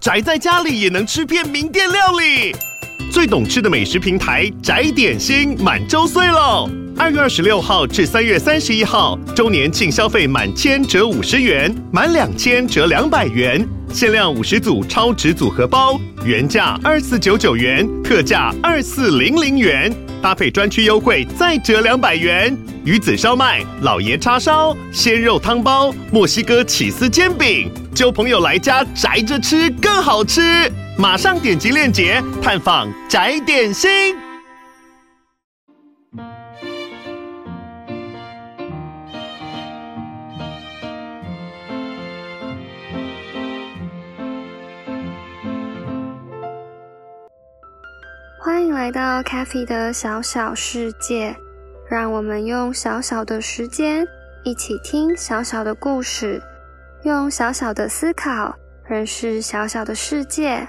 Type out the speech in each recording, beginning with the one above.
宅在家裡也能吃遍名店料理，最懂吃的美食平台宅點心滿週歲嘍。二月二十六號至三月三十一號，週年慶消費滿千折五十元，滿兩千折兩百元。限量五十組超值組合包，原價二四九九元，特價二四零零元，搭配專區優惠再折兩百元。魚子燒麥、老爺叉燒、鮮肉湯包、墨西哥起司煎餅，交朋友來家宅着吃更好吃。馬上點擊鏈接探訪宅點心。來到 Kathy 的小小世界，讓我們用小小的時間一起聽小小的故事，用小小的思考認識小小的世界。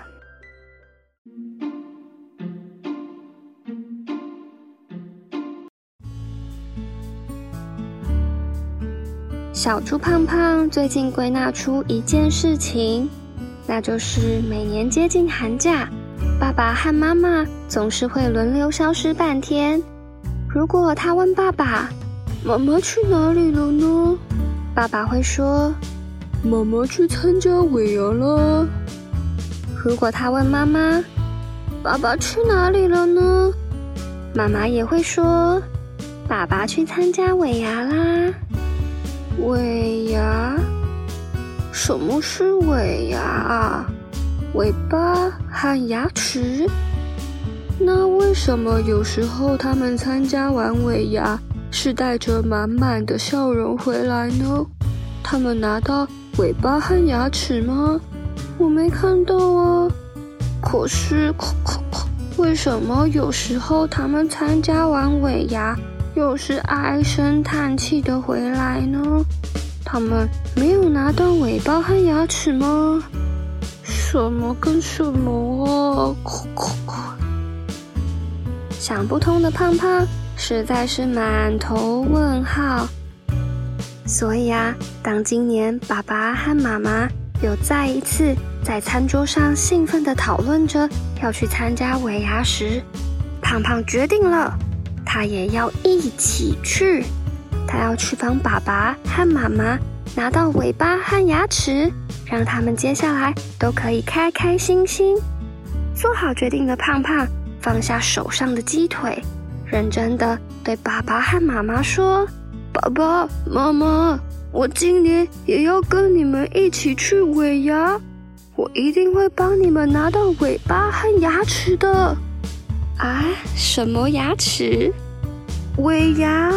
小豬胖胖最近歸納出一件事情，那就是每年接近寒假，爸爸和媽媽總是會輪流消失半天。如果他問爸爸：“媽媽去哪裡了呢？”爸爸會說：“媽媽去參加尾牙了。”如果他問媽媽：“爸爸去哪裡了呢？”媽媽也會說：“爸爸去參加尾牙啦。”尾牙？什麼是尾牙？尾巴和牙齒，那為什麼有時候他們參加完尾牙是帶着滿滿的笑容回來呢？他們拿到尾巴和牙齒嗎？我沒看到啊。可是，哼哼哼，為什麼有時候他們參加完尾牙又是唉聲嘆氣的回來呢？他們沒有拿到尾巴和牙齒嗎？什麼跟什麼啊？哭哭哭！想不通的胖胖實在是滿頭問號。所以啊，當今年爸爸和媽媽又再一次在餐桌上興奮地討論着要去參加尾牙時，胖胖決定了，他也要一起去。他要去幫爸爸和媽媽。拿到尾巴和牙齒，讓他們接下來都可以開開心心。做好決定的胖胖放下手上的雞腿，認真地對爸爸和媽媽說：“爸爸媽媽，我今年也要跟你們一起去尾牙，我一定會幫你們拿到尾巴和牙齒的。”啊，什麼牙齒？尾牙，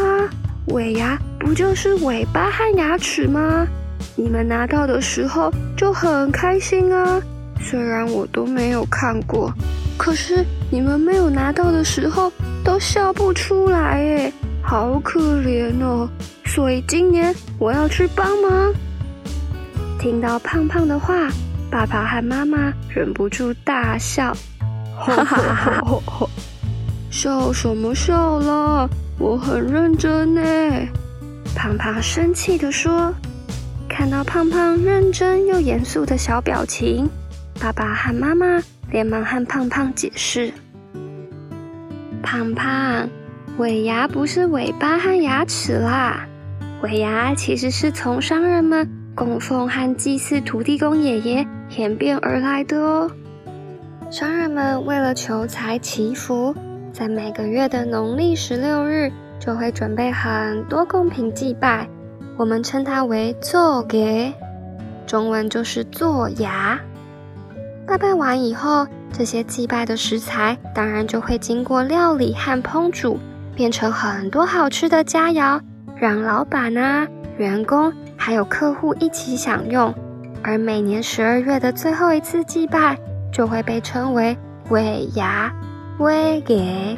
尾牙。不就是尾巴和牙齒嗎？你們拿到的時候就很開心啊。雖然我都沒有看過，可是你們沒有拿到的時候都笑不出來哎，好可憐哦。所以今年我要去幫忙。聽到胖胖的話，爸爸和媽媽忍不住大笑。哈哈， 笑什麼笑了？我很認真耶。胖胖生氣地說：“看到胖胖認真又嚴肅的小表情，爸爸和媽媽連忙和胖胖解釋：‘胖胖，尾牙不是尾巴和牙齒啦，尾牙其實是從商人們供奉和祭祀土地公爺爺演變而來的哦。商人們為了求財祈福，在每個月的農曆十六日。”就會準備很多貢品祭拜，我們稱它為做給，中文就是做牙。拜拜完以後，這些祭拜的食材當然就會經過料理和烹煮，變成很多好吃的佳餚，讓老板吶、啊、員工還有客戶一起享用。而每年十二月的最後一次祭拜，就會被稱為尾牙，尾給。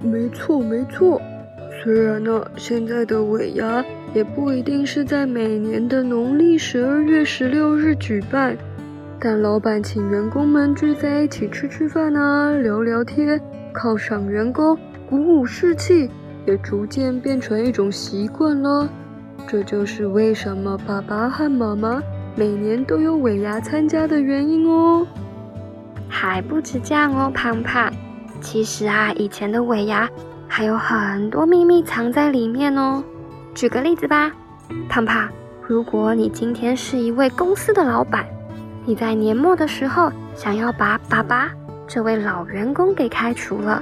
沒錯，沒錯。雖然呢，現在的尾牙也不一定是在每年的農曆十二月十六日舉辦，但老板請員工們聚在一起吃吃飯啊，聊聊天，犒賞員工、鼓舞士氣，也逐漸變成一種習慣了。這就是為什麼爸爸和媽媽每年都有尾牙參加的原因哦。還不止這樣哦，胖胖，其實啊，以前的尾牙。還有很多秘密藏在裡面哦。舉個例子吧，胖胖，如果你今天是一位公司的老闆，你在年末的時候想要把爸爸這位老員工給開除了，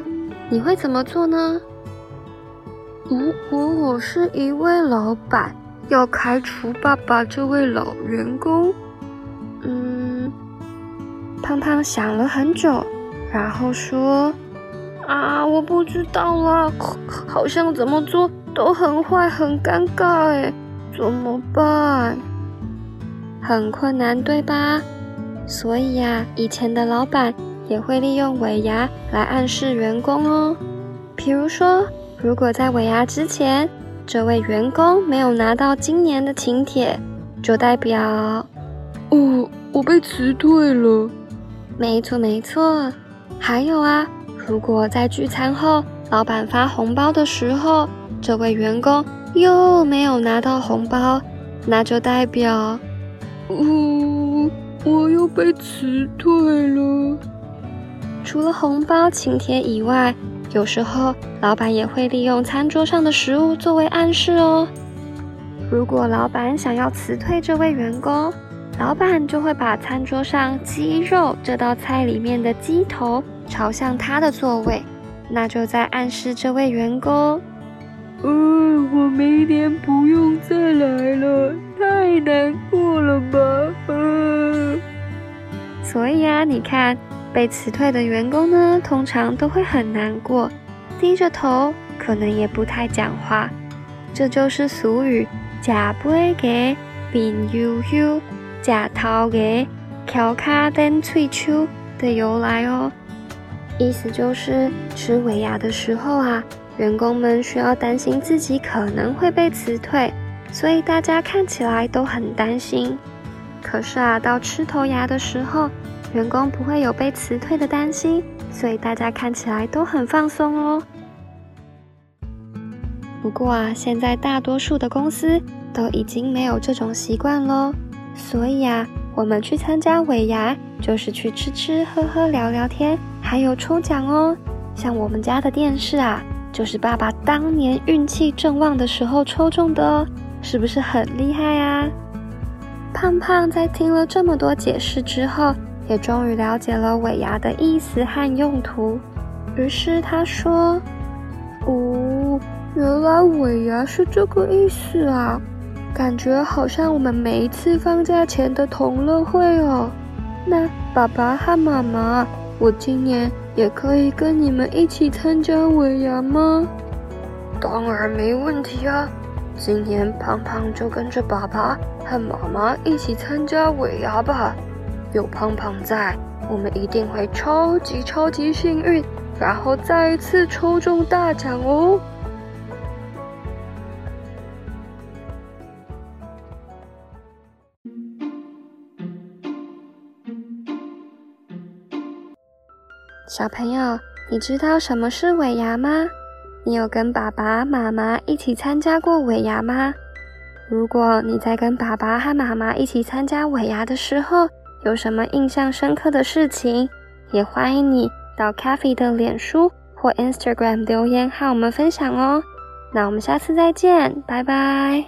你會怎麼做呢？如果我是一位老闆，要開除爸爸這位老員工，嗯，胖胖想了很久，然後說。啊，我不知道啦，好像怎麼做都很壞，很尷尬哎，怎麼辦？很困難，對吧？所以呀，以前的老闆也會利用尾牙來暗示員工哦。比如說，如果在尾牙之前，這位員工沒有拿到今年的請帖，就代表，哦，我被辭退了。沒錯沒錯，還有啊。如果在聚餐後，老闆發紅包的時候，這位員工又沒有拿到紅包，那就代表，嗚、哦，我又被辭退了。除了紅包、請帖以外，有時候老闆也會利用餐桌上的食物作為暗示哦。如果老闆想要辭退這位員工，老闆就會把餐桌上雞肉這道菜裡面的雞頭朝向他的座位，那就在暗示這位員工。嗯，我明年不用再來了，太難過了吧？嗯。所以啊，你看，被辭退的員工呢，通常都會很難過，低着頭，可能也不太講話。這就是俗語“食尾牙，面憂憂；食頭牙，撚喙鬚”的由來哦。意思就是，吃尾牙的時候啊，員工們需要擔心自己可能會被辭退，所以大家看起來都很擔心。可是啊，到吃頭牙的時候，員工不會有被辭退的擔心，所以大家看起來都很放鬆哦。不過啊，現在大多數的公司都已經沒有這種習慣咯。所以啊，我們去參加尾牙就是去吃吃喝喝聊聊天。還有抽獎哦，像我們家的電視啊，就是爸爸當年運氣正旺的時候抽中的哦，是不是很厲害啊？胖胖在聽了這麼多解釋之後，也終於了解了尾牙的意思和用途。於是他說：“哦，原來尾牙是這個意思啊，感覺好像我們每一次放假前的同樂會哦。”那爸爸和媽媽，我今年也可以跟你們一起參加尾牙嗎？當然沒問題啊！今年胖胖就跟着爸爸和媽媽一起參加尾牙吧。有胖胖在，我們一定會超級超級幸運，然後再一次抽中大獎哦！小朋友，你知道什麼是尾牙嗎？你有跟爸爸、媽媽一起參加過尾牙嗎？如果你在跟爸爸和媽媽一起參加尾牙的時候，有什麼印象深刻的事情，也歡迎你到 Cafe 的臉書或 Instagram 留言和我們分享哦。那我們下次再見，拜拜。